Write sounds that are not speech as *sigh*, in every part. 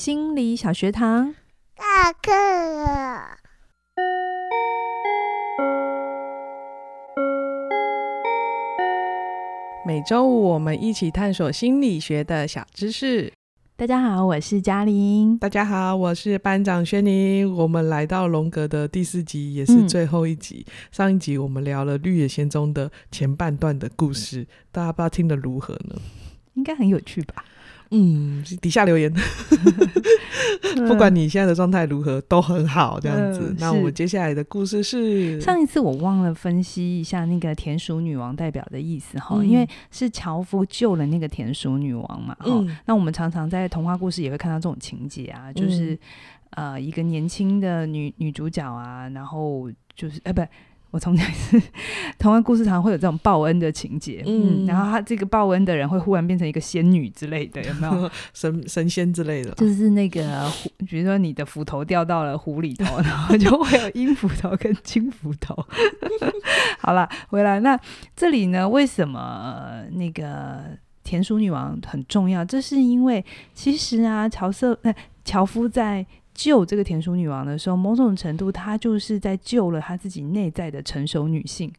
心理小學堂，上課了。每周五我們一起探索心理學的小知識。大家好，我是嘉玲。大家好，我是班長軒尼。我們來到榮格的第四集，也是最後一集。嗯、上一集我們聊了《綠野仙蹤》的前半段的故事，嗯、大家不知道聽得如何呢？應該很有趣吧。嗯，底下留言， *laughs* 不管你現在的狀態如何，都很好這樣子。嗯、那我們接下來的故事是，上一次我忘了分析一下那個田鼠女王代表的意思哈，嗯、因為是樵夫救了那個田鼠女王嘛。嗯、哦，那我們常常在童話故事也會看到這種情節啊，就是、嗯、呃，一個年輕的女女主角啊，然後就是呃，哎、不。我從來是童話故事，常會有這種報恩的情節，嗯，嗯，然後他這個報恩的人會忽然變成一個仙女之類的，有沒有神神仙之類的？就是那個，比如說你的斧頭掉到了湖裡頭， *laughs* 然後就會有銀斧頭跟金斧頭。 *laughs* *laughs* 好了，回來那這裡呢？為什麼那個田鼠女王很重要？這是因為其實啊，樵色樵夫在。救這個田鼠女王的時候，某種程度，她就是在救了她自己內在的成熟女性，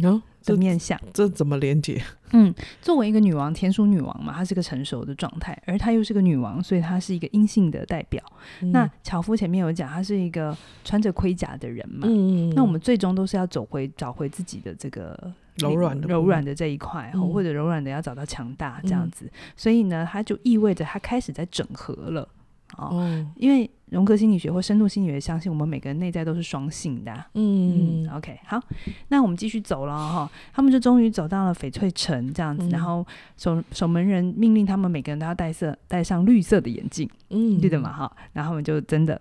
嗯的面相，哦這，這怎麼連接？嗯，作為一個女王，田鼠女王嘛，她是個成熟的狀態，而她又是個女王，所以她是一個陰性的代表。嗯、那樵夫前面有講，她是一個穿着盔甲的人嘛，嗯嗯嗯，那我們最終都是要走回找回自己的這個柔軟的、柔軟的這一塊，一嗯、或者柔軟的要找到強大這樣子，嗯、所以呢，她就意味着她開始在整合了。哦，嗯、因為榮格心理學或深度心理學相信，我們每個人內在都是雙性的啊。嗯，嗯，OK，好，那我們繼續走了哈。他們就終於走到了翡翠城這樣子，嗯、然後守守門人命令他們每個人都要戴色，戴上綠色的眼鏡，記得、嗯、嗎？哈、哦，然後他們就真的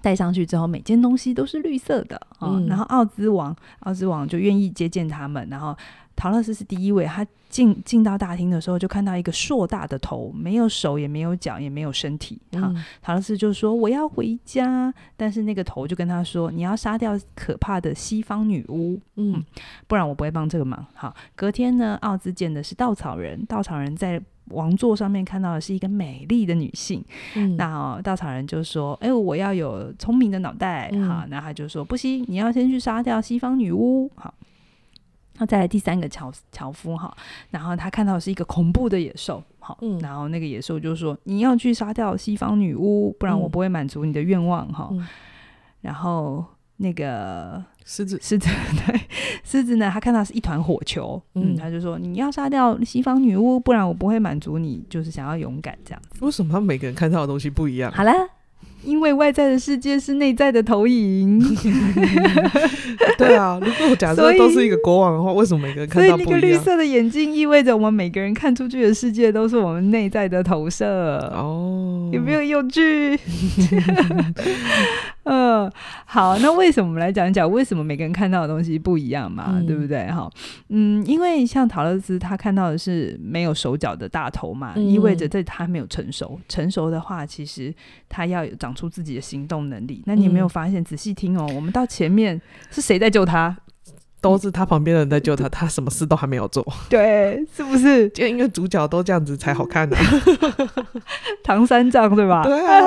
戴上去之後，每件東西都是綠色的啊。哦嗯、然後奧茲王，奧茲王就願意接見他們，然後。陶樂斯是第一位，他進進到大廳的時候，就看到一個碩大的頭，沒有手，也沒有腳，也沒有身體。哈、嗯啊，陶樂斯就說：“我要回家。”但是那個頭就跟他說：“你要殺掉可怕的西方女巫，嗯，嗯，不然我不會幫這個忙。”好，隔天呢，奧茲見的是稻草人，稻草人在王座上面看到的是一個美麗的女性。嗯、那、哦、稻草人就說：“誒、哎，我要有聰明的腦袋。嗯”好、啊，那他就說：“不行，你要先去殺掉西方女巫。”好。再來第三個樵樵夫哈，然後他看到的是一個恐怖的野獸哈，嗯、然後那個野獸就說，你要去殺掉西方女巫，不然我不會滿足你的願望哈。嗯、然後那個獅子獅子對獅，獅子呢，他看到是一團火球，嗯，嗯，他就說，你要殺掉西方女巫，不然我不會滿足你，就是想要勇敢這樣子。為什麼他每個人看到的東西不一樣？好了。因為外在的世界是內在的投影， *laughs* *laughs* 對啊。如果我假設都是一個國王的話，以為什麼每個人看到不一樣？所以那個綠色的眼鏡意味着我們每個人看出去的世界都是我們內在的投射哦。有沒有用具？嗯，好。那為什麼我們來講一講為什麼每個人看到的東西不一樣嘛？嗯、對不對？哈，嗯，因為像陶樂茲他看到的是沒有手腳的大頭嘛，嗯、意味着在他沒有成熟。成熟的話，其實他要有長。出自己的行動能力，那你有沒有發現？嗯、仔細聽哦、喔，我們到前面是誰在救他？都是他旁邊的人在救他，嗯、他什麼事都還沒有做，對，是不是？就因為主角都這樣子才好看呢、啊？ *laughs* 唐三藏對吧？對啊。 *laughs*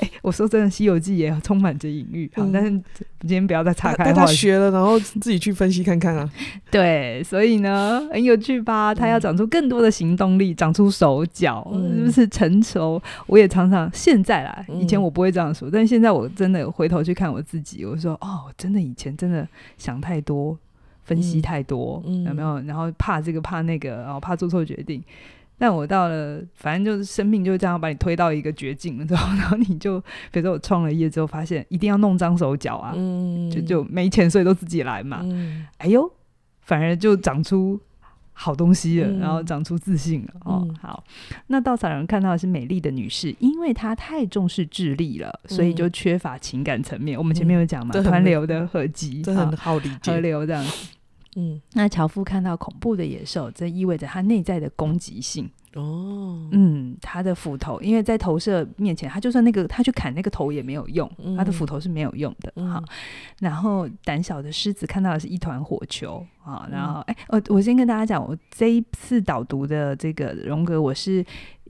欸、我說真的，《西遊記》也充滿着隱喻。嗯、好，但是今天不要再岔開了。他學了，然後自己去分析看看啊。對，所以呢，很有趣吧？嗯、他要長出更多的行動力，長出手腳，嗯、是不是成熟？我也常常現在啦，以前我不會這樣說，嗯、但現在我真的回頭去看我自己，我說哦，真的以前真的想太多，分析太多，嗯、有沒有？然後怕這個怕那個，然後怕做錯決定。但我到了，反正就是生命，就是這樣把你推到一個絕境了。之後，然後你就，比如說我創了業之後，發現一定要弄髒手腳啊，嗯、就就沒錢，所以都自己來嘛。嗯、哎呦，反而就長出好東西了，嗯、然後長出自信了。哦，嗯、好，那稻草人看到的是美麗的女士，因為她太重視智力了，所以就缺乏情感層面。嗯、我們前面有講嘛，湍流很的合集，真很好，好理解，流這樣。嗯，那樵夫看到恐怖的野獸，這意味着他內在的攻擊性哦。嗯，他的斧頭，因為在投射面前，他就算那個他去砍那個頭也沒有用，嗯、他的斧頭是沒有用的哈、嗯哦。然後，膽小的獅子看到的是一團火球啊、哦。然後，哎、嗯欸，我我先跟大家講，我這一次導讀的這個榮格，我是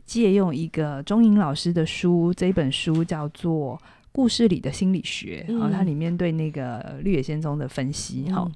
借用一個鍾穎老師的書，這一本書叫做《故事裡的心理學》，然後、嗯哦、它裡面對那個綠野仙蹤的分析哈。嗯哦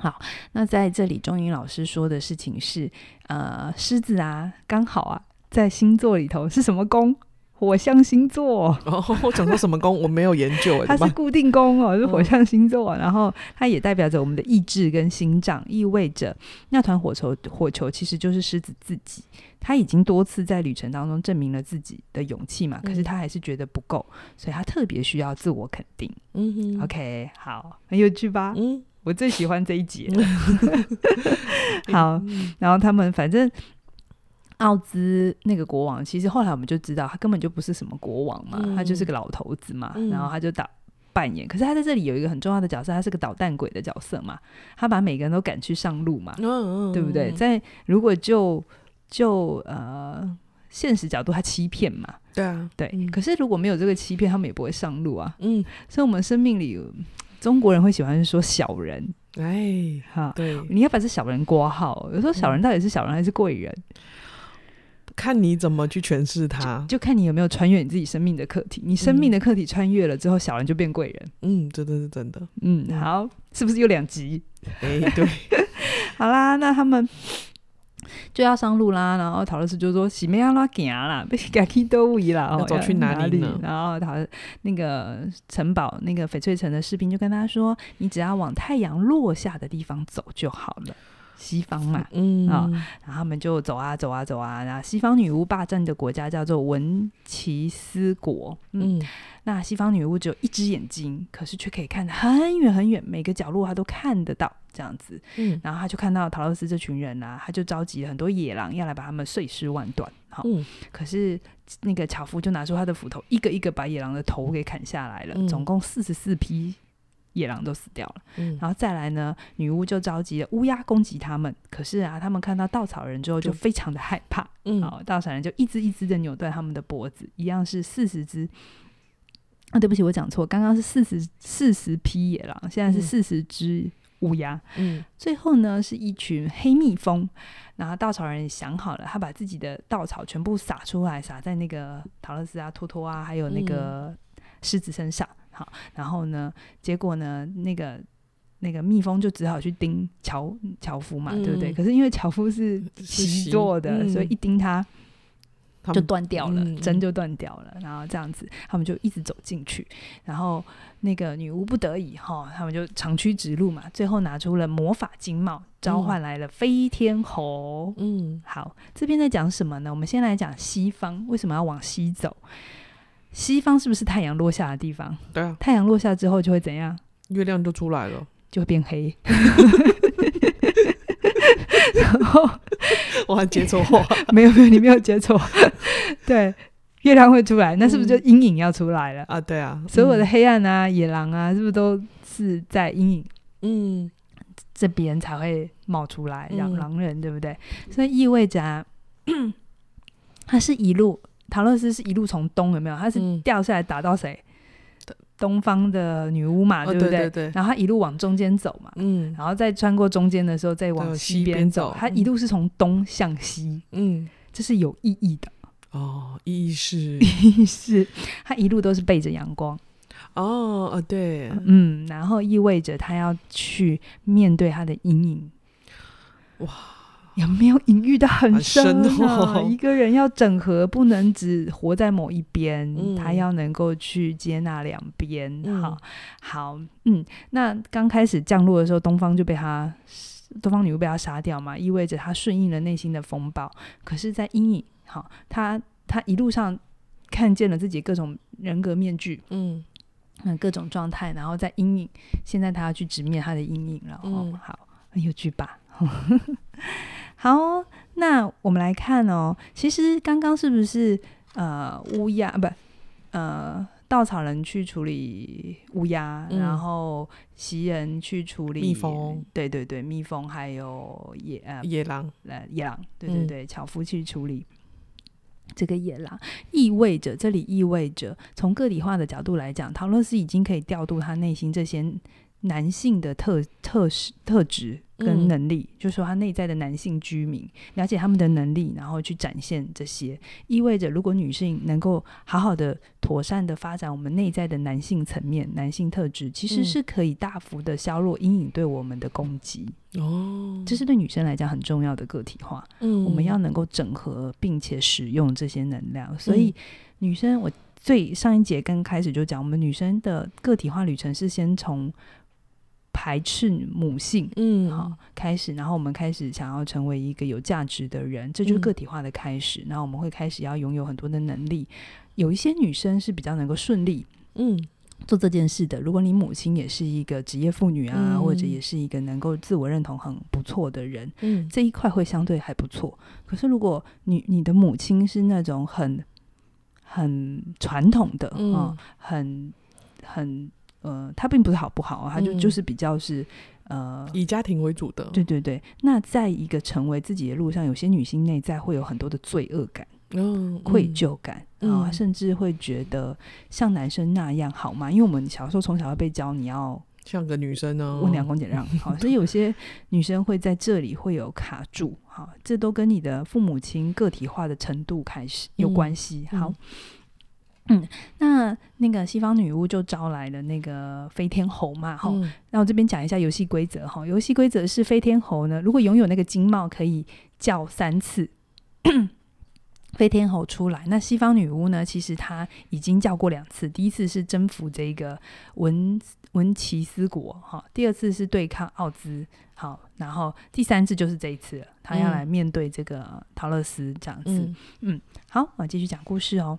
好，那在這裡，鐘穎老師說的事情是，呃，獅子啊，剛好啊，在星座裡頭是什麼宮？火象星座。哦，我講錯什麼宮？ *laughs* 我沒有研究，它是固定宮哦，嗯、是火象星座、哦。然後它也代表着我們的意志跟心臟，意味着那團火球，火球其實就是獅子自己。他已經多次在旅程當中證明了自己的勇氣嘛，嗯、可是他還是覺得不夠，所以他特別需要自我肯定。嗯哼，OK，好，嗯、很有趣吧？嗯。我最喜歡這一節。 *laughs* *laughs* 好，然後他們反正奧茲那個國王，其實後來我們就知道他根本就不是什麼國王嘛，嗯、他就是個老頭子嘛。然後他就打扮演，嗯、可是他在這裡有一個很重要的角色，他是個搗蛋鬼的角色嘛。他把每個人都趕去上路嘛，嗯嗯嗯對不對？在如果就就呃現實角度，他欺騙嘛，對啊、嗯，對。嗯、可是如果沒有這個欺騙，他們也不會上路啊。嗯，所以我們生命裡。中國人會喜歡說小人，哎唉哈，對，你要把這小人掛號。有時候小人到底是小人還是貴人，嗯，看你怎麼去詮釋他就，就看你有沒有穿越你自己生命的課題。你生命的課題穿越了之後，嗯、小人就變貴人。嗯，真的是真的。嗯，好，是不是有兩集？哎、欸，對， *laughs* 好啦，那他們。就要上路啦，然後桃樂絲就說：“洗咩啊啦，行啦，不洗，該去都去啦。”要走去哪裡呢？然後他那個城堡、那個翡翠城的士兵就跟他說：“你只要往太陽落下的地方走就好了。”西方嘛，嗯啊、哦，然後他們就走啊走啊走啊，然後西方女巫霸占的國家叫做文奇斯國，嗯，嗯那西方女巫只有一只眼睛，可是卻可以看得很遠很遠，每個角落她都看得到，這樣子，嗯，然後他就看到桃樂絲這群人啊，他就召集了很多野狼要來把他們碎屍萬段，好，哦，嗯，可是那個樵夫就拿出他的斧頭，一個一個把野狼的頭給砍下來了，嗯，總共四十四匹。野狼都死掉了，嗯、然後再來呢？女巫就召集了烏鴉攻擊他們。可是啊，他們看到稻草人之後就非常的害怕。好，嗯、稻草人就一隻一隻的扭斷他們的脖子，一樣是四十隻。啊，對不起，我講錯，剛剛是四十四十匹野狼，現在是四十隻烏鴉。嗯，最後呢是一群黑蜜蜂。然後稻草人想好了，他把自己的稻草全部撒出來，撒在那個桃樂絲啊、托托啊，還有那個獅子身上。嗯好，然後呢？結果呢？那個那個蜜蜂就只好去叮樵樵夫嘛，嗯、對不對？可是因為樵夫是虛弱的，嗯、所以一叮它就斷掉了，嗯、針就斷掉了。然後這樣子，嗯、他們就一直走進去。然後那個女巫不得已哈、哦，他們就長驅直入嘛。最後拿出了魔法金帽，召喚來了飛天猴。嗯，好，這邊在講什麼呢？我們先來講西方為什麼要往西走。西方是不是太陽落下的地方？對啊，太陽落下之後就會怎樣？月亮都出來了，就會變黑。 *laughs* *laughs* 然後我還接錯話， *laughs* 沒有沒有，你沒有接錯。 *laughs* 對，月亮會出來，那是不是就陰影要出來了、嗯、啊？對啊，所有的黑暗啊，嗯、野狼啊，是不是都是在陰影？嗯，這邊才會冒出來讓狼人，對不對？嗯、所以意味着啊，它是一路。桃樂絲是一路從東有沒有？他是掉下來打到誰？嗯、東方的女巫嘛，哦、對不對？對、對、對。然後他一路往中間走嘛，嗯。然後再穿過中間的時候，再往西邊走。走他一路是從東向西，嗯，這是有意義的哦。意義是，意義是他一路都是背着陽光，哦哦對，嗯，然後意味着他要去面對他的陰影，哇。有沒有隱喻得很深啊？深的哦、一個人要整合，不能只活在某一邊，嗯、他要能夠去接納兩邊。嗯、好好，嗯，那剛開始降落的時候，東方就被他東方女巫被他殺掉嘛，意味着他順應了內心的風暴。可是，在陰影，好、哦，他他一路上看見了自己各種人格面具，嗯，各種狀態，然後在陰影，現在他要去直面他的陰影了。然後嗯，好，很有趣吧。呵呵好、哦，那我們來看哦。其實剛剛是不是呃烏鴉不呃稻草人去處理烏鴉，嗯、然後錫人去處理蜜蜂？對對對，蜜蜂還有野呃野狼來野狼，對對對，樵、嗯、夫去處理這個野狼，意味着這裡意味着從個體化的角度來講，桃樂絲已經可以調度他內心這些。男性的特特質特質跟能力，嗯、就是說他內在的男性居民，了解他們的能力，然後去展現這些，意味着如果女性能夠好好的妥善的發展我們內在的男性層面、男性特質，其實是可以大幅的削弱陰影對我們的攻擊。哦、嗯，這是對女生來講很重要的個體化。嗯，我們要能夠整合並且使用這些能量。所以女生，我最上一節剛開始就講，我們女生的個體化旅程是先從。排斥母性，嗯，好，開始，然後我們開始想要成為一個有價值的人，這就是個體化的開始。嗯、然後我們會開始要擁有很多的能力。有一些女生是比較能夠順利，嗯，做這件事的。如果你母親也是一個職業婦女啊，嗯、或者也是一個能夠自我認同很不錯的人，嗯，這一塊會相對還不錯。可是如果你你的母親是那種很很傳統的，啊、嗯哦，很很。呃，他並不是好不好啊，他就就是比較是、嗯、呃以家庭為主的，對對對。那在一個成為自己的路上，有些女性內在會有很多的罪惡感、嗯、愧疚感，然後、嗯哦、甚至會覺得像男生那樣好嗎？因為我們小時候從小要被教你要像個女生呢、哦，溫良恭儉讓。嗯、好，所以有些女生會在這裡會有卡住，好，這都跟你的父母親個體化的程度開始有關係。嗯、好。嗯。嗯，那那個西方女巫就招來了那個飛天猴嘛，吼。嗯、那我這邊講一下遊戲規則吼。遊戲規則是飛天猴呢，如果擁有那個金帽，可以叫三次飛 *coughs* 天猴出來。那西方女巫呢，其實她已經叫過兩次，第一次是征服這個文文奇斯國哈，第二次是對抗奧茲，好，然後第三次就是這一次了，她、嗯、要來面對這個陶樂斯這樣子。嗯，嗯，好，我繼續講故事哦。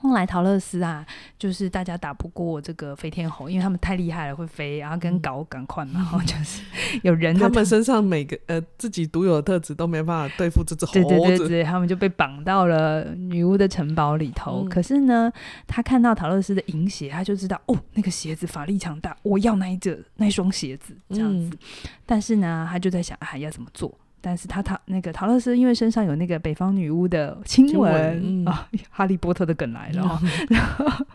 後來，桃樂絲啊，就是大家打不過這個飛天猴，因為他們太厲害了，會飛，然後跟稿趕快嘛，嗯、然後就是、嗯、 *laughs* 有人他們身上每個呃自己獨有的特質都沒辦法對付這只猴子，對，對對對，他們就被綁到了女巫的城堡裡頭。嗯、可是呢，他看到桃樂絲的銀鞋，他就知道哦，那個鞋子法力強大，我要那一只那雙鞋子這樣子。嗯、但是呢，他就在想，還、啊、要怎麼做？但是他他那個陶樂斯因為身上有那個北方女巫的親吻，嗯、啊，哈利波特的梗來了，嗯、然後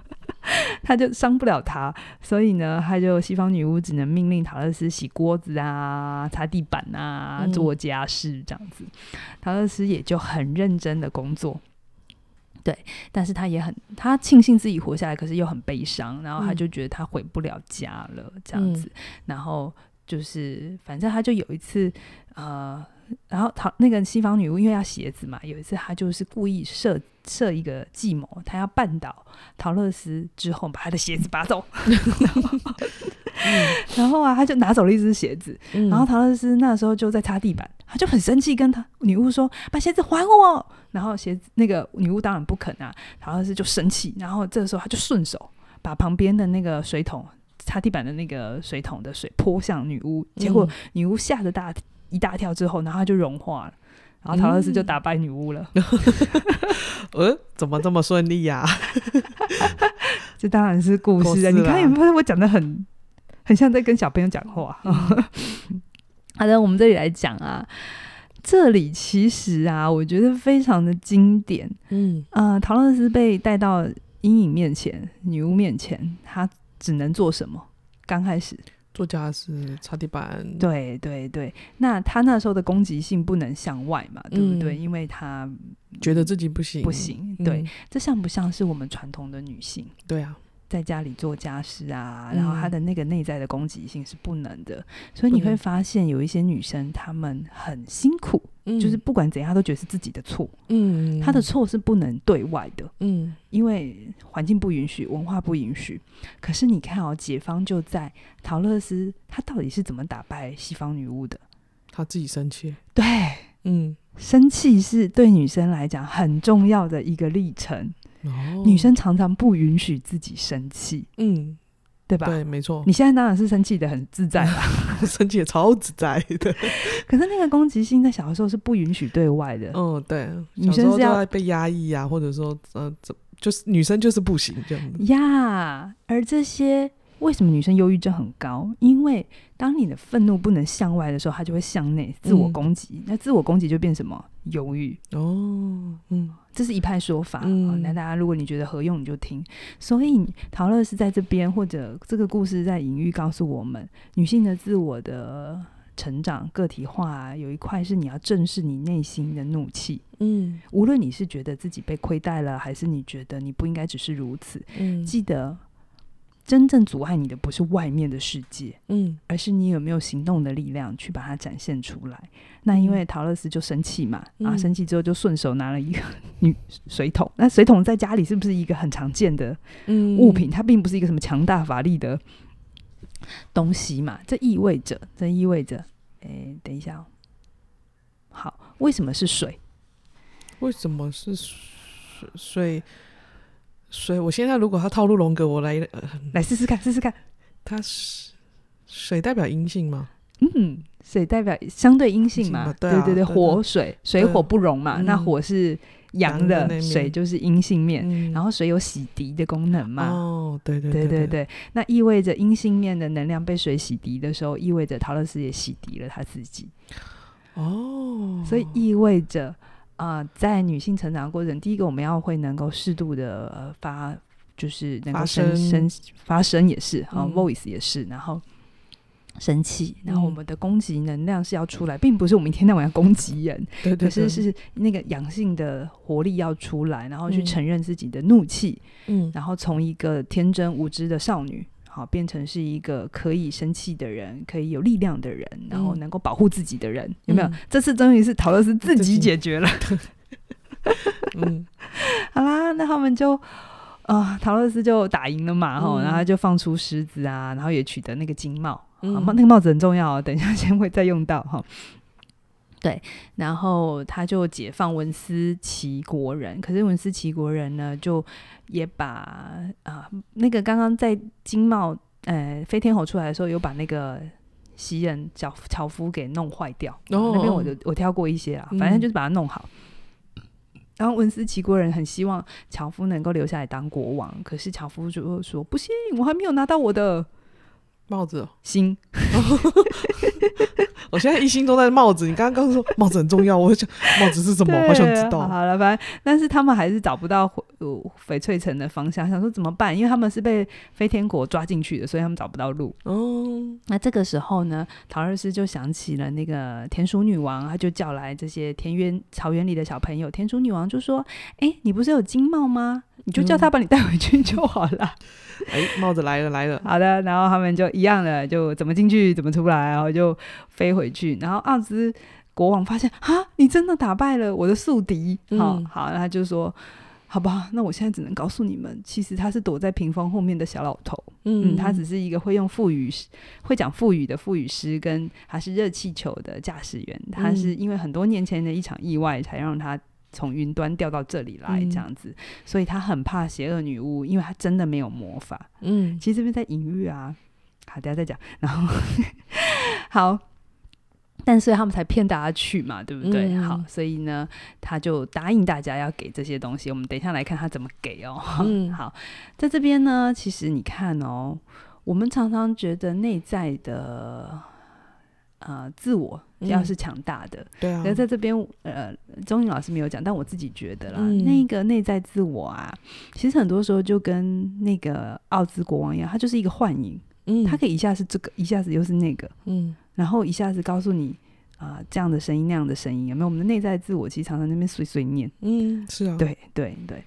他就傷不了他，所以呢，他就西方女巫只能命令陶樂斯洗鍋子啊、擦地板啊、做家事、嗯、這樣子。陶樂斯也就很認真的工作，對，但是他也很他慶幸自己活下來，可是又很悲傷，然後他就覺得他回不了家了這樣子，嗯、然後就是反正他就有一次呃。然後陶那個西方女巫因為要鞋子嘛，有一次她就是故意設設一個計謀，她要絆倒陶樂斯之後把她的鞋子拔走。然後啊，她就拿走了一隻鞋子。嗯、然後陶樂斯那時候就在擦地板，他就很生氣，跟他女巫說：“把鞋子還我！”然後鞋子那個女巫當然不肯啊，陶樂斯就生氣。然後這個時候他就順手把旁邊的那個水桶，擦地板的那個水桶的水潑向女巫，結果女巫嚇得大。嗯一大跳之後，然後他就融化了，然後陶樂斯就打敗女巫了。呃、嗯 *laughs* 嗯，怎麼這麼順利呀、啊？ *laughs* 這當然是故事、哦、是啊！你看有沒有我講得很很像在跟小朋友講話？嗯、 *laughs* 好的，我們這裡來講啊，這裡其實啊，我覺得非常的經典。嗯，呃，陶樂斯被帶到陰影面前，女巫面前，他只能做什麼？剛開始。作家是擦地板，對對對。那他那時候的攻擊性不能向外嘛，嗯、對不對？因為他覺得自己不行，不行。對，嗯、這像不像是我們傳統的女性？對啊。在家裡做家事啊，然後她的那個內在的攻擊性是不能的，嗯、所以你會發現有一些女生能她們很辛苦，嗯、就是不管怎樣她都覺得是自己的錯，嗯，她的錯是不能對外的，嗯，因為環境不允許，文化不允許。可是你看哦、喔，解方就在桃樂絲，她到底是怎麼打敗西方女巫的？她自己生氣，對，嗯，生氣是對女生來講很重要的一個歷程。女生常常不允許自己生氣，嗯，對吧？對，沒錯。你現在當然是生氣得很自在吧？嗯、生氣也超自在的。 *laughs* 可是那個攻擊性在小的時候是不允許對外的。哦、嗯，對，女生是要都被壓抑呀、啊，或者說，嗯、呃，就是女生就是不行這樣。呀，yeah, 而這些。為什麼女生憂鬱症很高？因為當你的憤怒不能向外的時候，她就會向內自我攻擊。嗯、那自我攻擊就變什麼？憂鬱哦，嗯，這是一派說法那，嗯啊、大家如果你覺得合用，你就聽。所以陶樂是在這邊，或者這個故事在隱喻告訴我們：女性的自我的成長、個體化、啊，有一塊是你要正視你內心的怒氣。嗯，無論你是覺得自己被虧待了，還是你覺得你不應該只是如此，嗯，記得。真正阻礙你的不是外面的世界，嗯，而是你有沒有行動的力量去把它展現出來。那因為陶樂斯就生氣嘛，嗯、啊，生氣之後就順手拿了一個女水桶。那水桶在家裡是不是一個很常見的物品？嗯、它並不是一個什麼強大法力的東西嘛。這意味着，這意味着，誒、欸，等一下、哦，好，為什麼是水？為什麼是水？所以我現在如果他套路榮格，我來來試試看，試試看。他是水代表陰性嗎？嗯，水代表相對陰性嘛。對對對，火水水火不容嘛。那火是陽的，水就是陰性面。然後水有洗滌的功能嘛。哦，對對對對對。那意味着陰性面的能量被水洗滌的時候，意味着桃樂絲也洗滌了他自己。哦。所以意味着。啊、呃，在女性成長的過程，第一個我們要會能夠適度的，呃、發，就是能夠生生發聲，發聲生發聲也是，然後 voice 也是，然後生氣，嗯、然後我們的攻擊能量是要出來，嗯、並不是我們一天到晚要攻擊人， *laughs* 對對對，可是是那個陽性的活力要出來，然後去承認自己的怒氣，嗯，然後從一個天真無知的少女。好，變成是一個可以生氣的人，可以有力量的人，然後能夠保護自己的人，嗯、有沒有？嗯、這次終於是陶樂斯自己解決了。 *laughs* *laughs* 嗯，好啦，那他們就啊、呃，陶樂斯就打贏了嘛，嗯、然後就放出獅子啊，然後也取得那個金帽，嗯、好，那個帽子很重要，哦，等一下先會再用到哈。哦對，然後他就解放文斯奇國人，可是文斯奇國人呢，就也把啊、呃、那個剛剛在金帽呃飛天猴出來的時候，又把那個錫人樵樵夫給弄壞掉。哦哦那邊我就我挑過一些啊，反正就是把它弄好。嗯、然後文斯奇國人很希望樵夫能夠留下來當國王，可是樵夫就說：“不行，我還沒有拿到我的帽子。新”心。」我現在一心都在帽子。你剛剛剛說帽子很重要，我想 *laughs* 帽子是什麼？對我想知道。好了，反正但是他們還是找不到回、呃、翡翠城的方向，想說怎麼辦？因為他們是被飛天國抓進去的，所以他們找不到路。哦，那這個時候呢，桃樂絲就想起了那個田鼠女王，他就叫來這些田園草原裡的小朋友。田鼠女王就說：“哎，你不是有金帽嗎？你就叫他把你帶回去就好了。嗯” *laughs* 哎，帽子來了來了。好的，然後他們就一樣的，就怎麼進去怎麼出來，然後就。飛回去，然後奧、啊、茲國王發現啊，你真的打敗了我的宿敵，好、嗯哦、好，那他就說，好吧，那我現在只能告訴你們，其實他是躲在屏風後面的小老頭，嗯，嗯，他只是一個會用腹語會講腹語的腹語師，跟還是熱氣球的駕駛員，嗯、他是因為很多年前的一場意外才讓他從雲端掉到這裡來，嗯、這樣子，所以他很怕邪惡女巫，因為他真的沒有魔法，嗯，其實這邊在隱喻啊，好，等下再講，然後 *laughs* 好。但是他們才騙大家去嘛，對不對？嗯、好，所以呢，他就答應大家要給這些東西。我們等一下來看他怎麼給哦。嗯，好，在這邊呢，其實你看哦，我們常常覺得內在的呃自我要是強大的、嗯，對啊。在這邊，呃，鐘穎老師沒有講，但我自己覺得啦，嗯、那個內在自我啊，其實很多時候就跟那個奧茲國王一樣，他就是一個幻影，嗯，他可以一下是這個，一下子又是那個，嗯。然後一下子告訴你啊、呃，這樣的聲音，那樣的聲音有沒有？我們的內在自我其實常常在那邊碎碎念，嗯，是啊，對對對，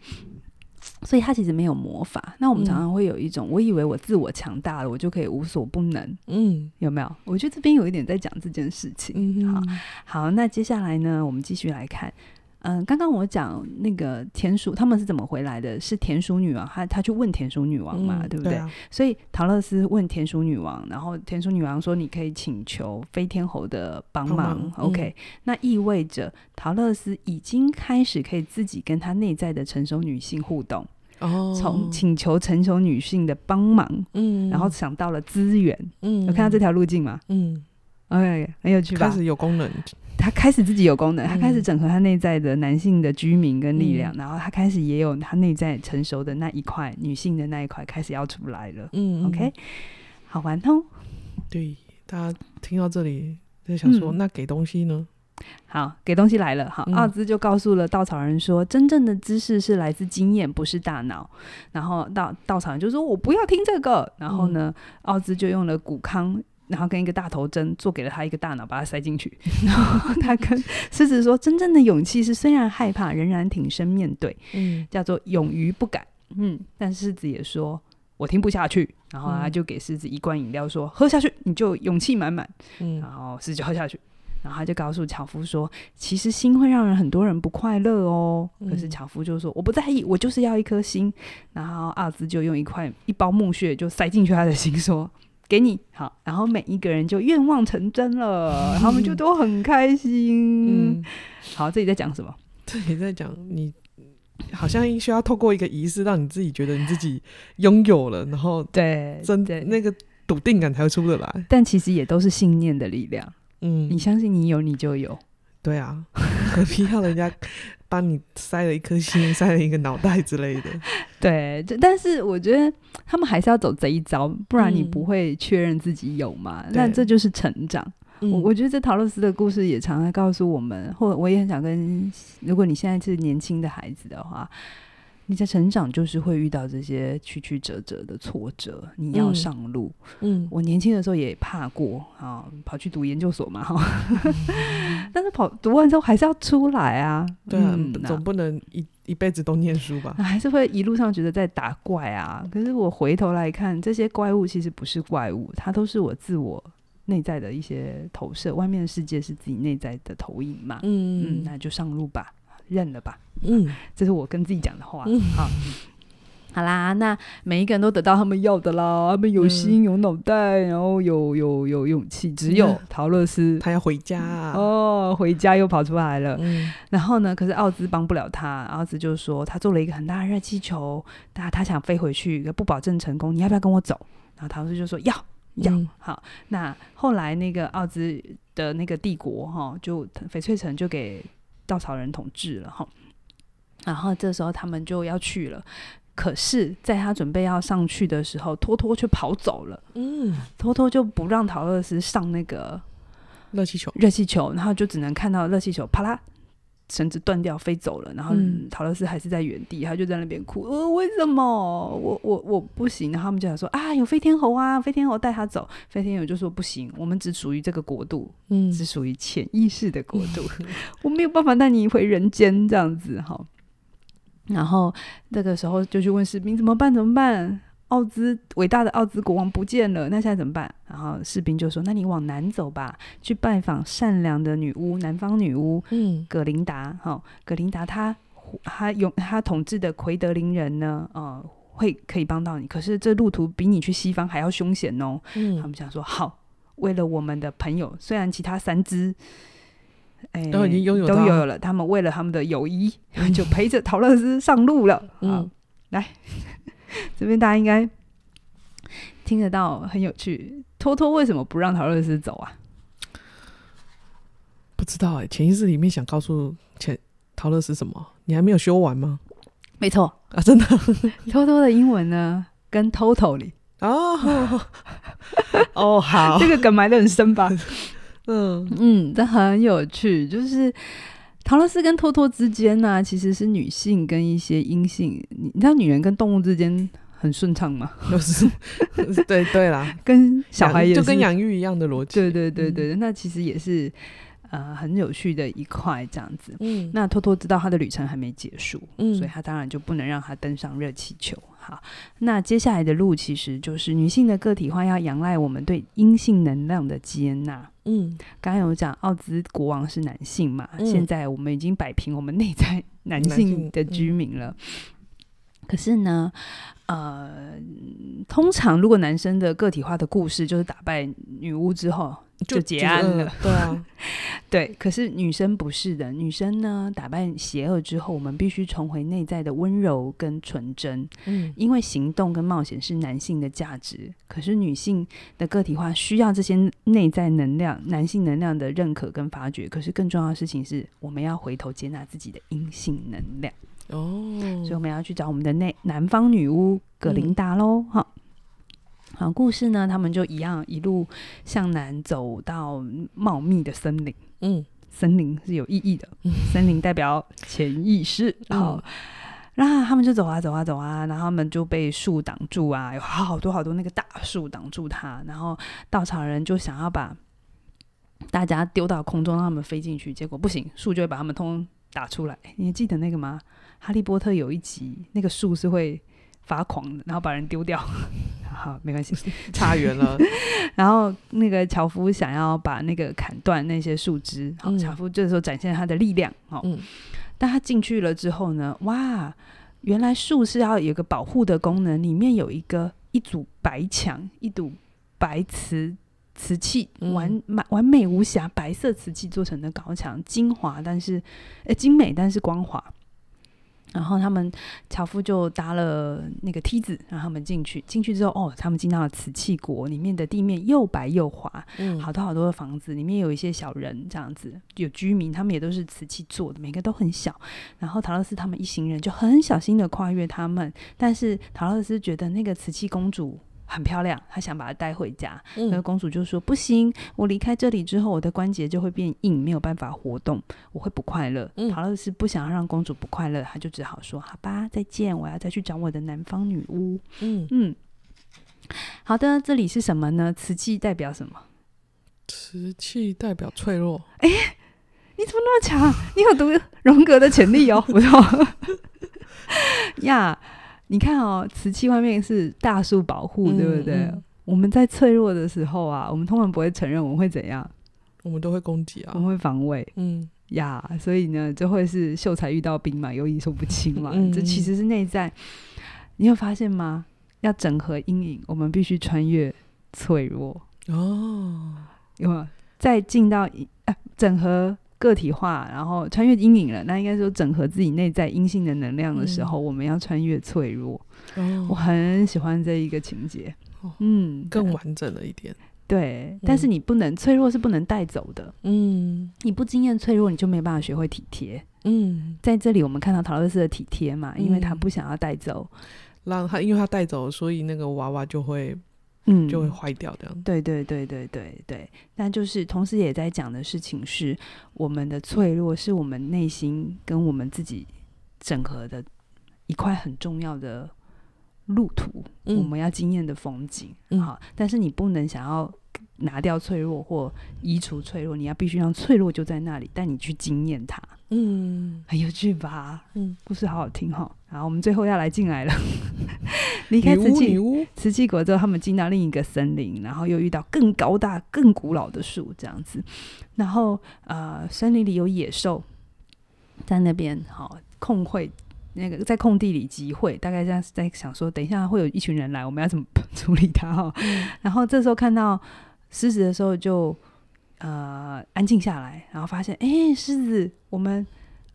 所以它其實沒有魔法。那我們常常會有一種，嗯、我以為我自我強大了，我就可以無所不能，嗯，有沒有？我覺得這邊有一點在講這件事情。嗯、哼哼。好，好，那接下來呢，我們繼續來看。嗯，剛剛我講那個田鼠，他們是怎麼回來的？是田鼠女王，她她去問田鼠女王嘛，嗯、對不對？對啊、所以桃樂絲問田鼠女王，然後田鼠女王說：“你可以請求飛天猴的幫忙。” OK，那意味着桃樂絲已經開始可以自己跟他內在的成熟女性互動，從、哦、請求成熟女性的幫忙，嗯，然後想到了資源，嗯，有看到這條路徑嗎？嗯，哎，okay, 很有趣吧，開始有功能。他開始自己有功能，嗯、他開始整合他內在的男性的居民跟力量，嗯、然後他開始也有他內在成熟的那一塊女性的那一塊開始要出來了。嗯，嗯，OK，好玩哦。對，大家聽到這裡就想說，嗯、那給東西呢？好，給東西來了。好，奧茲、嗯、就告訴了稻草人說，真正的知識是來自經驗，不是大腦。然後稻稻草人就說：“我不要聽這個。”然後呢，奧茲、嗯、就用了穀糠。然後跟一個大頭針做給了他一個大腦，把它塞進去。 *laughs* 然後他跟獅子說：“ *laughs* 真正的勇氣是雖然害怕，仍然挺身面對，嗯，叫做勇於不敢。”嗯，但獅子也說：“我聽不下去。”然後他就給獅子一罐飲料，說：“嗯、喝下去你就勇氣滿滿。嗯”然後獅子就喝下去，然後他就告訴樵夫說：“其實心會讓人很多人不快樂哦。嗯”可是樵夫就說：“我不在意，我就是要一顆心。”然後阿茲就用一塊一包木屑就塞進去他的心，說。給你。好，然後每一個人就願望成真了，然後他們就都很開心。嗯、好，這裡在講什麼？這裡在講你好像需要透過一個儀式，讓你自己覺得你自己擁有了，然後對，真的那個篤定感才會出得來。但其實也都是信念的力量。嗯，你相信你有，你就有。對啊，何必要人家？ *laughs* 幫你塞了一顆心，塞了一個腦袋之類的。 *laughs* 對，但是我覺得他們還是要走這一招，不然你不會確認自己有嘛。嗯、那這就是成長。對我我覺得這桃樂絲的故事也常常告訴我們，或我也很想跟，如果你現在是年輕的孩子的話。你在成長就是會遇到這些曲曲折折的挫折，你要上路。嗯，我年輕的時候也怕過啊，跑去讀研究所嘛哈，好嗯、 *laughs* 但是跑讀完之後還是要出來啊。對啊，嗯、啊總不能一一輩子都念書吧？還是會一路上覺得在打怪啊。可是我回頭來看，這些怪物其實不是怪物，它都是我自我內在的一些投射。外面的世界是自己內在的投影嘛。嗯，嗯，那就上路吧。認了吧，啊、嗯，這是我跟自己講的話。好、嗯嗯，好啦，那每一個人都得到他們要的啦，他們有心、嗯、有腦袋，然後有有有、有勇氣。只有陶樂斯、嗯，他要回家、啊、哦，回家又跑出來了。嗯、然後呢，可是奧茲幫不了他，奧茲就說他做了一個很大的熱氣球，他他想飛回去，不保證成功。你要不要跟我走？然後陶樂斯就說要要。嗯、好，那後來那個奧茲的那個帝國哈、哦，就翡翠城就給。稻草人統治了哈，然後這時候他們就要去了，可是在他準備要上去的時候，托托卻跑走了。嗯，托托就不讓陶樂斯上那個熱氣球，熱氣球，然後就只能看到熱氣球啪啦，繩子斷掉，飛走了，然後桃樂絲還是在原地，嗯、他就在那邊哭，呃，為什麼我我我不行？然後他們就想說啊，有飛天猴啊，飛天猴帶他走，飛天猴就說不行，我們只屬於這個國度，嗯，只屬於潛意識的國度，嗯、我沒有辦法帶你回人間這樣子，哈。 *laughs* 然後這個時候就去問士兵怎麼辦？怎麼辦？奧茲，偉大的奧茲國王不見了，那現在怎麼辦？然後士兵就說：“那你往南走吧，去拜訪善良的女巫，南方女巫，嗯葛、哦，葛琳達，哈，葛琳達，他他有他統治的奎德林人呢，哦、呃，會可以幫到你。可是這路途比你去西方還要凶險哦。嗯、他們想說，好，為了我們的朋友，雖然其他三隻，誒、哎、都已經擁有，都有了，他們為了他們的友誼，嗯、就陪着陶樂斯上路了。嗯，哦、嗯來。”這邊大家應該聽得到，很有趣。偷偷為什麼不讓陶樂斯走啊？不知道哎、欸，潛意識裡面想告訴潛陶樂斯什麼？你還沒有修完嗎？沒錯錯啊，真的。偷偷 *laughs* 的英文呢，跟 totally 哦，哇哦，好， *laughs* 這個梗埋得很深吧？嗯 *laughs* 嗯，這很有趣，就是。桃樂絲跟托托之間呢、啊，其實是女性跟一些陰性。你知道女人跟動物之間很順暢嗎？老是對對啦，跟小孩也是，就跟養育一樣的邏輯。對，對對對對，那其實也是呃很有趣的一塊這樣子。嗯，那托托知道他的旅程還沒結束，嗯、所以他當然就不能讓他登上熱氣球。好，那接下來的路其實就是女性的個體化，要仰賴我們對陰性能量的接納。嗯，剛剛有講奧茲國王是男性嘛？嗯、現在我們已經擺平我們內在男性的居民了。嗯嗯、可是呢，呃，通常如果男生的個體化的故事就是打敗女巫之後。就結案了、呃，對啊， *laughs* 對。可是女生不是的，女生呢，打敗邪惡之後，我們必須重回內在的溫柔跟純真。嗯、因為行動跟冒險是男性的價值，可是女性的個體化需要這些內在能量、嗯、男性能量的認可跟發掘。可是更重要的事情是，我們要回頭接納自己的陰性能量哦。所以我們要去找我們的內南方女巫葛琳達嘍，嗯、哈。好，故事呢？他們就一樣一路向南走到茂密的森林。嗯，森林是有意義的，嗯、森林代表潛意識。嗯、然後，那他們就走啊走啊走啊，然後他們就被樹擋住啊，有好多好多那個大樹擋住他。然後稻草人就想要把大家丟到空中，讓他們飛進去。結果不行，樹就會把他們通通打出來。你還記得那個嗎？哈利波特有一集，那個樹是會發狂的，然後把人丟掉。 *laughs* 好，沒關係，差遠遠了。 *laughs* 然後那個樵夫想要把那個砍斷那些樹枝，然後樵夫就是說展現他的力量。嗯、哦，但他進去了之後呢，哇，原來樹是要有一個保護的功能，裡面有一個一組白牆，一堵白瓷瓷器，完滿完美無瑕，白色瓷器做成的高牆，精華但是呃、欸、精美但是光滑。然後他們樵夫，就搭了那個梯子，讓他們進去。進去之後，哦，他們進到了瓷器國，裡面的地面又白又滑，嗯、好多好多的房子，裡面有一些小人，這樣子有居民，他們也都是瓷器做的，每個都很小。然後桃樂絲他們一行人就很小心的跨越他們，但是桃樂絲覺得那個瓷器公主，很漂亮，她想把它帶回家。嗯、那個公主就說：“不行，我離開這裡之後，我的關節就會變硬，沒有辦法活動，我會不快樂。嗯”塔勒斯不想讓公主不快樂，她就只好說：“好吧，再見，我要再去找我的南方女巫。嗯”嗯嗯。好的，這裡是什麼呢？瓷器代表什麼？瓷器代表脆弱。哎，你怎麼那麼強？你有讀榮格的潛力哦， *laughs* 我說知呀！ *laughs* yeah. 你看哦，瓷器外面是大樹保護，嗯、對不對？嗯、我們在脆弱的時候啊，我們通常不會承認我們會怎樣，我們都會攻擊啊，我們會防衛，嗯呀，yeah, 所以呢，就會是秀才遇到兵嘛，有理說不清嘛。嗯、這其實是內在，你有發現嗎？要整合陰影，我們必須穿越脆弱哦。有嗎？再進到、啊、整合。個體化，然後穿越陰影了，那應該說整合自己內在陰性的能量的時候，嗯、我們要穿越脆弱。哦、我很喜歡這一個情節，哦、嗯，更完整了一點。對，嗯、但是你不能脆弱是不能帶走的，嗯，你不經驗脆弱，你就沒辦法學會體貼。嗯，在這裡我們看到桃樂絲的體貼嘛，因為他不想要帶走，讓他因為他帶走，所以那個娃娃就會。嗯，就會壞掉的。對，對對對對對對，但就是同時也在講的事情是我們的脆弱，是我們內心跟我們自己整合的一塊很重要的路途，嗯、我們要經驗的風景。嗯，好，但是你不能想要拿掉脆弱或移除脆弱，你要必須讓脆弱就在那裡，帶你去經驗它。嗯，很有趣吧？嗯，故事好好聽哈、哦。然後我們最後要來進來了。嗯 *laughs* 離開瓷器，瓷器國之後，他們進到另一個森林，然後又遇到更高大、更古老的樹這樣子。然後，呃，森林裡有野獸在那邊，好、哦、空會那個在空地裡集會，大概在在想說，等一下會有一群人來，我們要怎麼處理他？哈、哦。嗯、然後這時候看到獅子的時候就，就呃安靜下來，然後發現，哎、欸，獅子，我們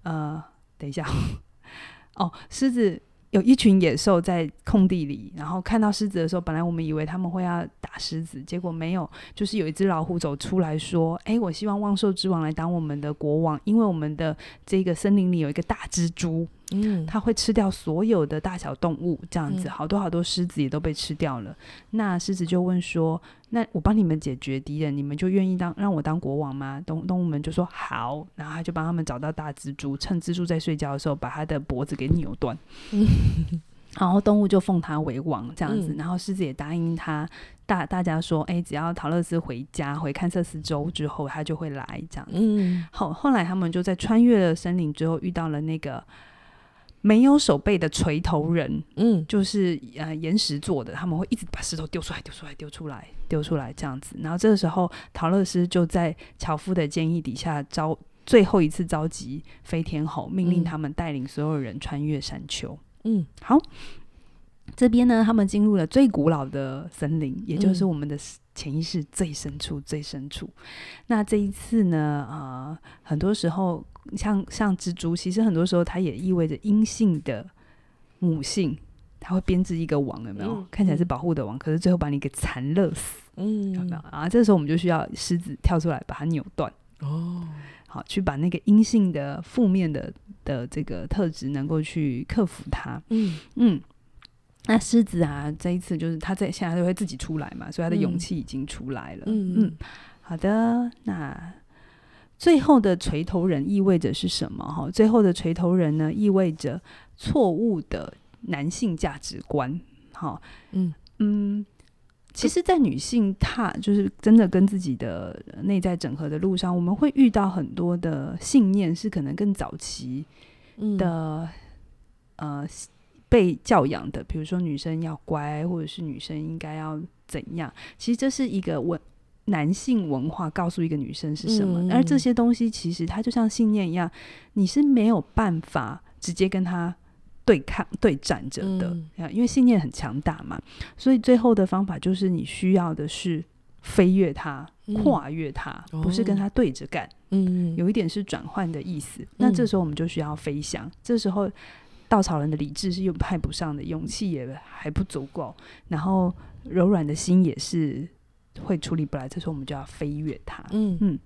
呃等一下，呵呵哦，獅子。有一群野獸在空地裡，然後看到獅子的時候，本來我們以為他們會要打獅子，結果沒有，就是有一隻老虎走出來說：“哎、欸，我希望萬獸之王來當我們的國王，因為我們的這個森林裡有一個大蜘蛛。”嗯，他會吃掉所有的大小動物，這樣子、嗯、好多好多獅子也都被吃掉了。那獅子就問說：“那我幫你們解決敵人，你們就願意當讓我當國王嗎？”動動物們就說：“好。”然後他就幫他們找到大蜘蛛，趁蜘蛛在睡覺的時候，把它的脖子給扭斷。嗯、然後動物就奉他為王，這樣子。嗯、然後獅子也答應他，大大家說：“哎，只要陶樂斯回家回堪薩斯州之後，他就會來。”這樣子。嗯、後後來他們就在穿越了森林之後，遇到了那個。沒有手背的錘頭人，嗯，就是呃岩石做的，他們會一直把石頭丟出來，丟出來，丟出來，丟出來這樣子。然後這個時候，陶樂斯就在樵夫的建議底下，召最後一次召集飛天猴，命令他們帶領所有人穿越山丘。嗯，好，這邊呢，他們進入了最古老的森林，也就是我們的。嗯潛意識最深處，最深處。那這一次呢？啊、呃，很多時候像，像像蜘蛛，其實很多時候它也意味着陰性的母性，它會編織一個網，有沒有？嗯、看起來是保護的網，嗯、可是最後把你給纏勒死。嗯，看到啊，這時候我們就需要獅子跳出來把它扭斷。哦，好，去把那個陰性的、負面的的這個特質，能夠去克服它。嗯嗯。嗯那獅子啊，這一次就是他在現在就會自己出來嘛，所以他的勇氣已經出來了。嗯，嗯，好的。那最後的錘頭人意味着是什麼？哈，最後的錘頭人呢，意味着錯誤的男性價值觀。哈、嗯，嗯嗯，其實，在女性可她就是真的跟自己的內在整合的路上，我們會遇到很多的信念，是可能更早期的、嗯、呃。被教養的，比如說女生要乖，或者是女生應該要怎樣？其實這是一個文男性文化告訴一個女生是什麼。嗯、而這些東西其實它就像信念一樣，你是沒有辦法直接跟他對抗、對戰着的、嗯、因為信念很強大嘛。所以最後的方法就是你需要的是飛躍它、跨越它，嗯、不是跟他對着幹。嗯嗯、哦，有一點是轉換的意思。嗯、那這時候我們就需要飛翔，這時候。稻草人的理智，是又派不上的，勇氣也還不足夠，然後柔軟的心也是會處理不來。這時候我們就要飛越它，嗯嗯。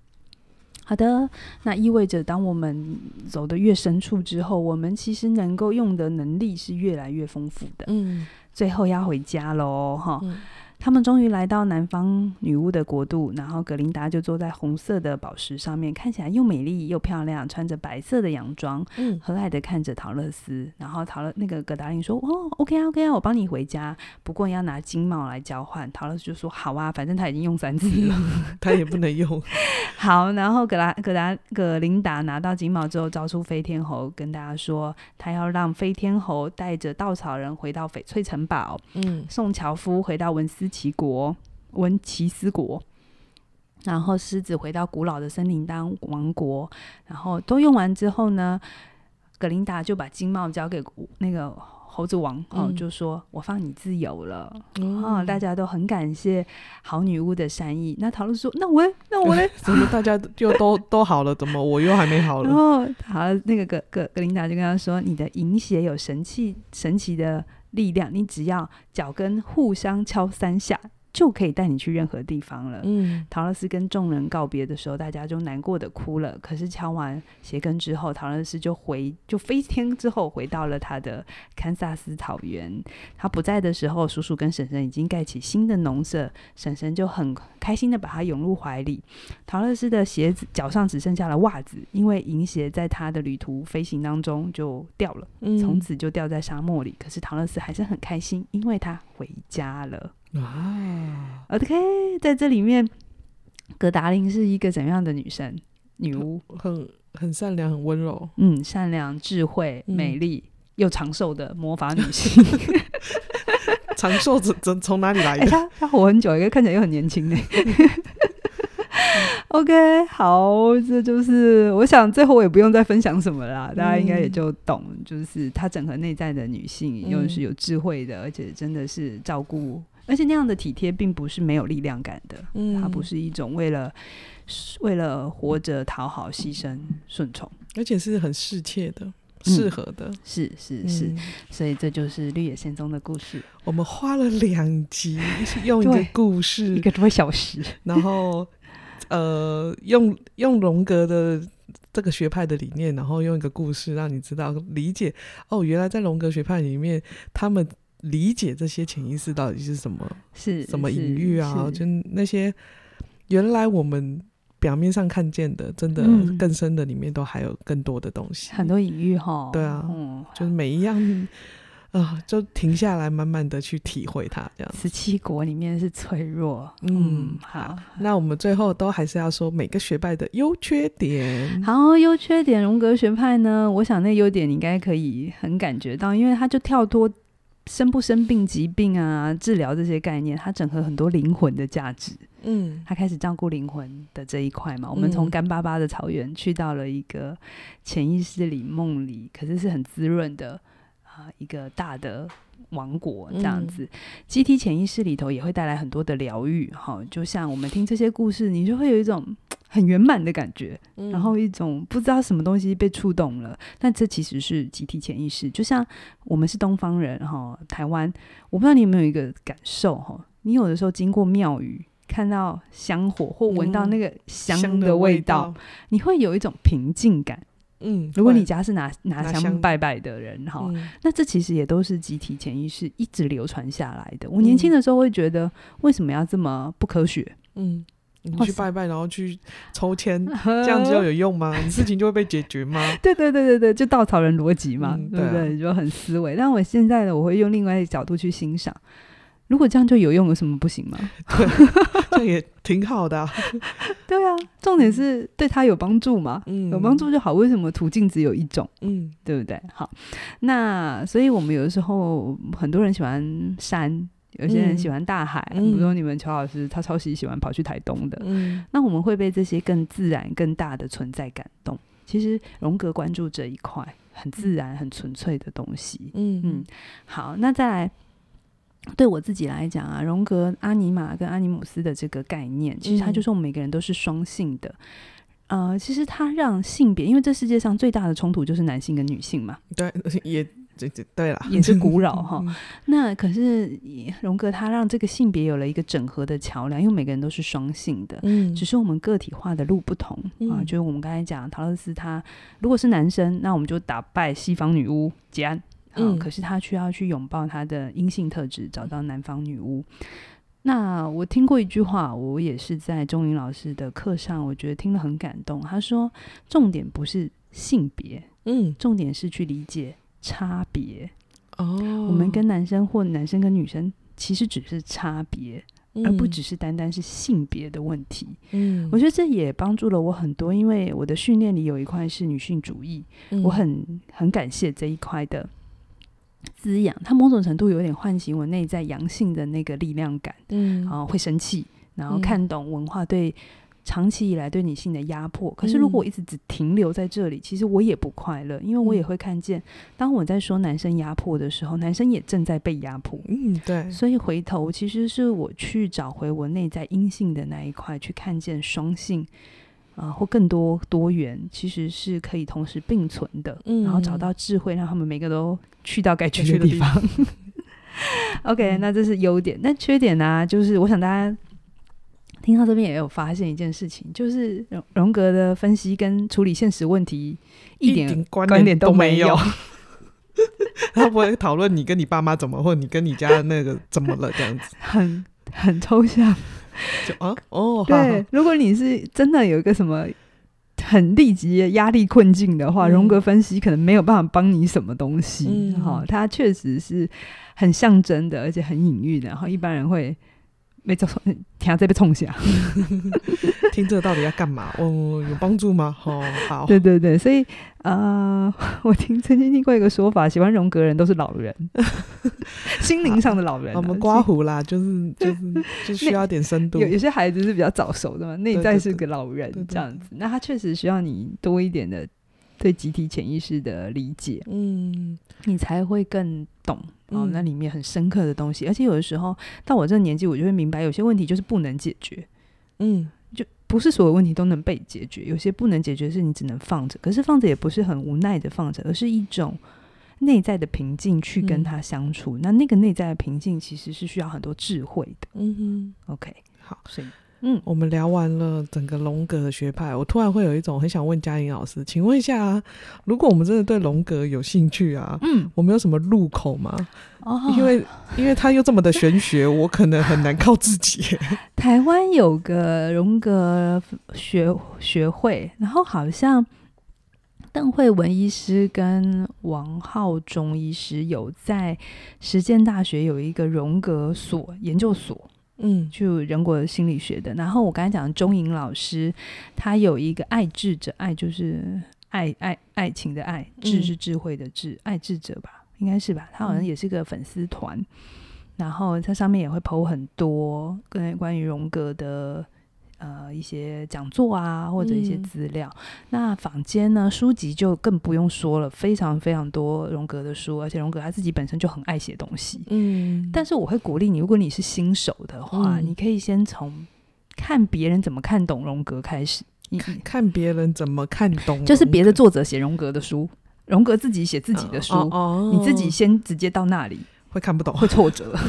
好的，那意味着當我們走得越深處之後，我們其實能夠用的能力是越來越豐富的。嗯，最後要回家嘍，哈。嗯他們終於來到南方女巫的國度，然後葛琳達就坐在紅色的寶石上面，看起來又美麗又漂亮，穿着白色的洋裝，嗯，和藹的看着陶樂斯。然後陶樂那個葛達林說：“哦，OK 啊，OK 啊，我幫你回家，不過要拿金帽來交換。”陶樂斯就說：“好啊，反正他已經用三次了， *laughs* 他也不能用。” *laughs* 好，然後葛達葛達葛琳達拿到金帽之後，招出飛天猴，跟大家說：“他要讓飛天猴帶着稻草人回到翡翠城堡，嗯，送樵夫回到文斯。”奇國，文奇斯國，然後獅子回到古老的森林當王國，然後都用完之後呢，葛琳達就把金帽交給那個猴子王，哦，就說：“嗯、我放你自由了。嗯”哦，大家都很感謝好女巫的善意。那陶露說：“那我，那我呢？”怎麼大家就都都好了？怎麼我又還沒好了？然後，好，那個葛葛葛琳達就跟他說：“你的銀鞋有神器，神奇的。”力量，你只要腳跟互相敲三下。就可以帶你去任何地方了。嗯，陶樂斯跟眾人告別的時候，大家就難過的哭了。可是敲完鞋跟之後，陶樂斯就回就飛天之後，回到了他的堪薩斯草原。他不在的時候，叔叔跟嬸嬸已經蓋起新的農舍。嬸嬸就很開心的把他擁入懷裡。陶樂斯的鞋子腳上只剩下了襪子，因為銀鞋在他的旅途飛行當中就掉了，從此就掉在沙漠裡。嗯，可是陶樂斯還是很開心，因為他回家了。啊 Wow.，OK，在這裡面，格達林是一個怎樣的女生？女巫，很很善良，很溫柔，嗯，善良、智慧、美麗、嗯、又長壽的魔法女性。 *laughs* *laughs* 長壽怎從哪裡來？她她、欸、活很久，而且看起來又很年輕呢。 *laughs* 嗯、OK，好，這就是我想最後我也不用再分享什麼了，嗯、大家應該也就懂，就是她整個內在的女性又是有智慧的，嗯、而且真的是照顧。而且那樣的體貼並不是沒有力量感的，嗯，它不是一種為了為了活着討好、犧牲、順從，而且是很適切的、適、嗯、合的，是是是，嗯、所以這就是綠野仙蹤的故事。我們花了兩集用一個故事 *laughs* 一個多小時，然後呃，用用榮格的這個學派的理念，然後用一個故事讓你知道理解哦，原來在榮格學派裡面，他們。理解這些潛意識到底是什麼，是什麼隱喻啊？是就那些原來我們表面上看見的，真的更深的裡面都還有更多的東西，很多隱喻哈。對啊，嗯，就是每一樣啊、嗯呃，就停下來慢慢的去體會它，這樣。十七國裡面是脆弱，嗯，嗯好、啊。那我們最後都還是要說每個學派的優缺點。好，優缺點，榮格學派呢？我想那優點你應該可以很感覺到，因為他就跳脫。生不生病、疾病啊、治療這些概念，它整合很多靈魂的價值。嗯，它開始照顧靈魂的這一塊嘛。嗯、我們從乾巴巴的草原去到了一個潛意識裡、夢裡，可是是很滋潤的啊，一個大的。王國這樣子，集體潛意識裡頭也會帶來很多的療癒，哈，就像我們聽這些故事，你就會有一種很圓滿的感覺，嗯、然後一種不知道什麼東西被觸動了，但這其實是集體潛意識，就像我們是東方人哈，台灣，我不知道你有沒有一個感受哈，你有的時候經過廟宇，看到香火或聞到那個香的味道，嗯、香的味道你會有一種平靜感。嗯，如果你家是拿拿香，拿香拜拜的人哈、嗯，那這其實也都是集體潛意識一直流傳下來的。我年輕的時候會覺得，為什麼要這麼不科學？嗯，塞你去拜拜，然後去抽籤，這樣子要有用嗎？呵你事情就會被解決嗎？ *laughs* 對對對對對，就稻草人邏輯嘛，嗯對，啊、對不對？就很思維。但我現在呢，我會用另外一個角度去欣賞。如果這樣就有用，有什麼不行嗎？這樣也挺好的。對啊，重點是對他有幫助嘛。嗯，有幫助就好。為什麼途徑只有一種？嗯，對不對？好，那所以我們有的時候，很多人喜歡山，有些人喜歡大海。嗯，比如說你們喬老師，他超級喜歡跑去台東的。嗯，那我們會被這些更自然、更大的存在感動。其實榮格關注這一塊很自然、很純粹的東西。嗯，嗯，好，那再來。對我自己來講啊，榮格阿尼瑪跟阿尼姆斯的這個概念，其實它就是我們每個人都是雙性的。嗯、呃，其實他讓性別，因為這世界上最大的衝突就是男性跟女性嘛。對，也這這對了，也，啦也是古老哈。嗯、那可是榮格他讓這個性別有了一個整合的橋樑，因為每個人都是雙性的，嗯、只是我們個體化的路不同、嗯、啊。就是我們剛才講桃樂絲他，他如果是男生，那我們就打敗西方女巫結案。嗯，可是他需要去擁抱他的陰性特質，找到南方女巫。那我聽過一句話，我也是在鐘穎老師的課上，我覺得聽了很感動。他說，重點不是性別，嗯，重點是去理解差別。哦，我們跟男生或男生跟女生其實只是差別，而不只是單單是性別的問題。嗯，我覺得這也幫助了我很多，因為我的訓練裡有一塊是女性主義，嗯、我很很感謝這一塊的。滋養，它某種程度，有點喚醒我內在陽性的那個力量感，嗯，然後會生氣，然後看懂文化對長期以來對女性的壓迫。嗯、可是如果我一直只停留在這裡，其實我也不快樂，因為我也會看見，當我在說男生壓迫的時候，嗯、男生也正在被壓迫，嗯，對。所以回頭其實是我去找回我內在陰性的那一塊，去看見雙性，啊，或更多多元，其實是可以同時並存的，嗯、然後找到智慧，讓他們每個都去到該去的地方。OK，那這是優點，那缺點呢、啊？就是我想大家聽到這邊也有發現一件事情，就是榮榮格的分析跟處理現實問題一點關聯都沒有。 *laughs* 他不會討論你跟你爸媽怎麼 *laughs* 或你跟你家的那個怎麼了這樣子，很很抽象。哦、啊、哦，對，哦、如果你是真的有一個什麼很立即的壓力困境的話，榮、嗯、格分析可能沒有辦法幫你什麼東西。哈、嗯哦，它確實是很象徵的，而且很隱喻的，然後一般人會。沒找錯，聽這邊衝下， *laughs* 聽這到底要幹嘛？哦、oh，有幫助嗎？好、oh, 好，對對對，所以呃，uh, 我聽曾經聽過一個說法，喜歡榮格人都是老人， *laughs* 心靈上的老人。我們刮鬍啦，就是就是就需要一點深度。 *laughs* 有有些孩子是比較早熟的嘛，內在是個老人這樣子，對對對對對。那他確實需要你多一點的。對集體潛意識的理解，嗯，你才會更懂哦，然後那裡面很深刻的東西。嗯，而且有的時候到我這個年紀，我就會明白，有些問題就是不能解決，嗯，就不是所有問題都能被解決。有些不能解決是你只能放着，可是放着也不是很無奈的放着，而是一種內在的平靜去跟他相處。嗯，那那個內在的平靜其實是需要很多智慧的。嗯哼，OK，好，所以。嗯，我們聊完了整個榮格的學派，我突然會有一種很想問佳穎老師，請問一下啊，如果我們真的對榮格有興趣啊，嗯，我們有什麼入口嗎？哦，因為因為他又這麼的玄學， *laughs* 我可能很難靠自己。台灣有個榮格學學會，然後好像鄧惠文醫師跟王浩忠醫師有在實踐大學有一個榮格所研究所。嗯，就人格心理學的。然後我剛才講的鐘穎老師，他有一個愛智者，愛就是愛、愛、愛情的愛，智是智慧的智，嗯、愛智者吧，應該是吧？他好像也是個粉絲團，然後他上面也會 PO 很多跟關於榮格的。呃，一些講座啊，或者一些資料。嗯、那坊間呢，書籍就更不用說了，非常非常多榮格的書，而且榮格他自己本身就很愛寫東西。嗯，但是我會鼓勵你，如果你是新手的話，嗯、你可以先從看別人怎麼看懂榮格開始。你、嗯、看別人怎麼看懂，就是別的作者寫榮格的書，榮格自己寫自己的書，哦、你自己先直接到那裡會看不懂，會挫折。 *laughs*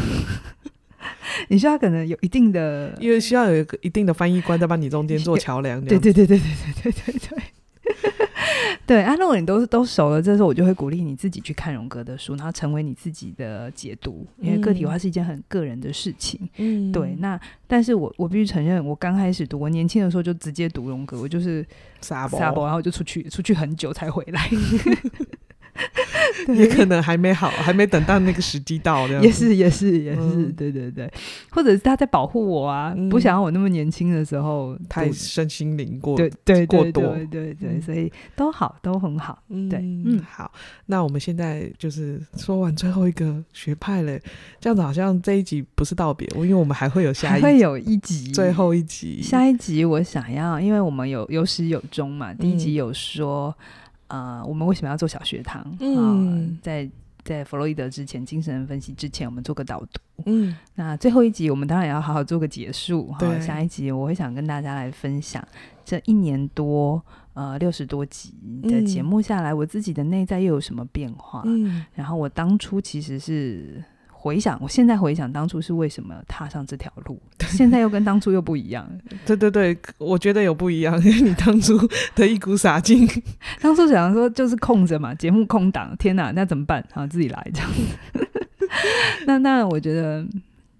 你需要可能有一定的，因為需要有一個一定的翻譯官在幫你中間做橋樑。 *laughs* 對對對對對對對對對。 *laughs* 對，啊，如果你都都熟了，這時候我就會鼓勵你自己去看榮格的書，然後成為你自己的解讀，因為個體化是一件很個人的事情。嗯，對。那，但是我我必須承認，我剛開始讀，我年輕的時候就直接讀榮格，我就是傻包傻包，然後就出去出去很久才回來。 *laughs* *laughs* 對也可能還沒好，還沒等到那個時機到這樣。也是，也，是也是，也是，嗯，也是，對，對，對，或者是他在保護我啊，嗯，不想要我那麼年輕的時候太身心靈過對對，對，對，對，對過多對對，對對，所以都好，都很好，嗯，對，嗯，好。那我們現在就是說完最後一個學派了，這樣子好像這一集不是道別，我因為我們還會有下一集會有一集最後一集，下一集我想要，因為我們有有始有終嘛，第一集有說。嗯呃，uh, 我們為什麼要做小學堂？Uh, 嗯，在在弗洛伊德之前，精神分析之前，我們做個導讀。嗯，那最後一集，我們當然也要好好做個結束。哈對、哦，下一集我會想跟大家來分享這一年多，呃，六十多集的節目下來，嗯、我自己的內在又有什麼變化？嗯，然後我當初其實是。回想，我現在回想當初是為什麼踏上這條路，現在又跟當初又不一樣。對對對，我覺得有不一樣，因為你當初的一股傻勁， *laughs* 當初想說就是空着嘛，節目空檔，天哪、啊，那怎麼辦？好，自己來這樣。 *laughs* 那那我覺得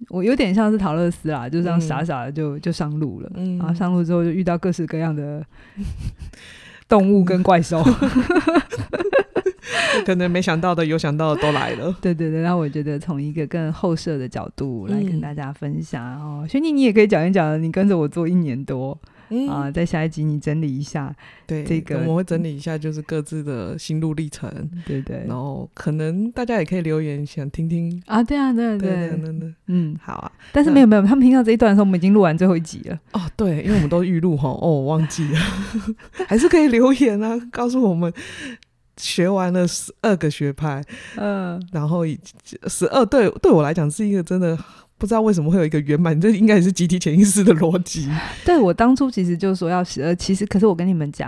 我有點像是桃樂絲啊，就是、這樣傻傻的就、嗯、就上路了，然後上路之後就遇到各式各樣的動物跟怪獸。嗯 *laughs* 可能沒想到的，有想到的都來了。對對對，那我覺得從一個更後設的角度來跟大家分享。哦。軒尼，你也可以講一講，你跟着我做一年多啊，在下一集你整理一下。對，這個我們會整理一下，就是各自的心路歷程，對對。然後可能大家也可以留言，想聽聽啊。對啊，對對對，嗯，好啊。但是沒有沒有，他們聽到這一段的時候，我們已經錄完最後一集了。哦，對，因為我們都預錄哦，我忘記了，還是可以留言啊，告訴我們。學完了十二個學派，嗯、呃，然後十二對對我來講是一個真的不知道為什麼會有一個圓滿，這應該也是集體潛意識的邏輯、嗯。對我當初其實就是說要十二。其實可是我跟你們講，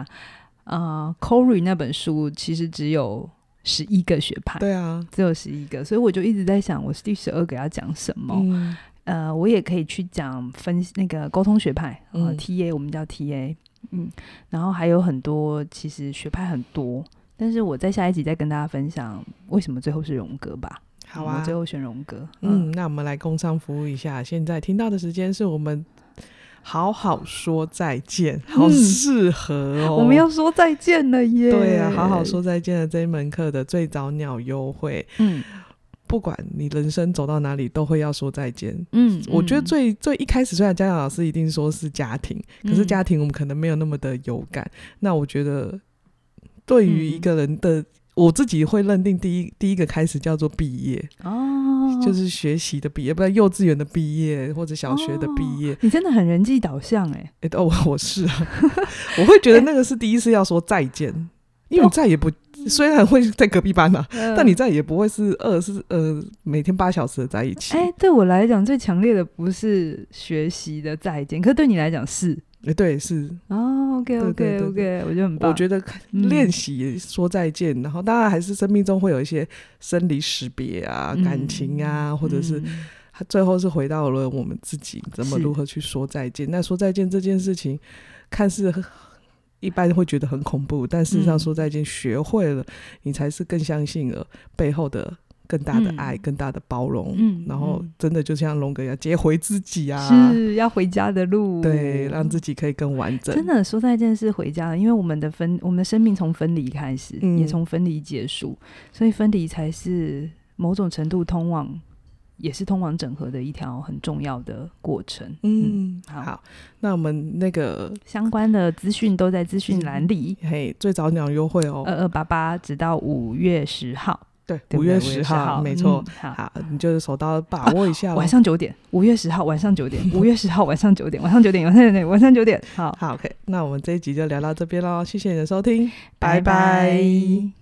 啊、呃、，Corey 那本書其實只有十一個學派，對啊，只有十一個，所以我就一直在想，我是第十二個要講什麼？嗯、呃，我也可以去講分析那個溝通學派，TA, 嗯，TA 我們叫 TA，嗯，然後還有很多，其實學派很多。但是我在下一集再跟大家分享為什麼最後是榮格吧。好啊，嗯、我最後選榮格。嗯，嗯，那我們來工商服務一下。現在聽到的時間是我們好好說再見，嗯、好適合、哦。我們要說再見了耶！對啊，好好說再見的這一門課的最早鳥優惠。嗯，不管你人生走到哪裡，都會要說再見。嗯，嗯，我覺得最最一開始，雖然家長老師一定說是家庭，嗯、可是家庭我們可能沒有那麼的有感。那我覺得。對於一個人的，嗯、我自己會認定第一第一個開始叫做畢業哦，就是學習的畢業，不然幼稚園的畢業或者小學的畢業。哦、你真的很人際導向哎，哎哦、欸，我是啊， *laughs* 我會覺得那個是第一次要說再見， *laughs* 因為你再也不、嗯、雖然會在隔壁班嘛、啊，呃、但你再也不會是二、呃，是呃每天八小時的在一起。哎、欸，對我來講最強烈的不是學習的再見，可是對你來講是。誒，對，是，OK，OK，OK，我覺得很棒。我覺得練習說再見，嗯、然後當然還是生命中會有一些生離死別啊，嗯、感情啊，或者是他最後是回到了我們自己，怎麼如何去說再見？是那說再見這件事情，看似一般會覺得很恐怖，但事實上說再見學會了，你才是更相信了背後的。更大的愛，嗯、更大的包容，嗯，然後真的就像龍哥一樣，接回自己啊，是要回家的路，對，讓自己可以更完整。真的說再見是回家，因為我們的分，我們的生命從分離開始，嗯、也從分離結束，所以分離才是某種程度通往，也是通往整合的一條很重要的過程。嗯，嗯，好，那我們那個相關的資訊都在資訊欄裡、嗯，嘿，最早鳥優惠哦，二二八八，直到五月十號。對，五月十號，號沒錯，嗯、好，好，你就是手刀把握一下，啊，晚上九點，五月十號晚上九點，五月十號晚上九點，晚上九點，晚上九點，晚上九點，點，好好，OK，那我們這一集就聊到這邊嘍，謝謝你的收聽，嗯、拜拜。拜拜。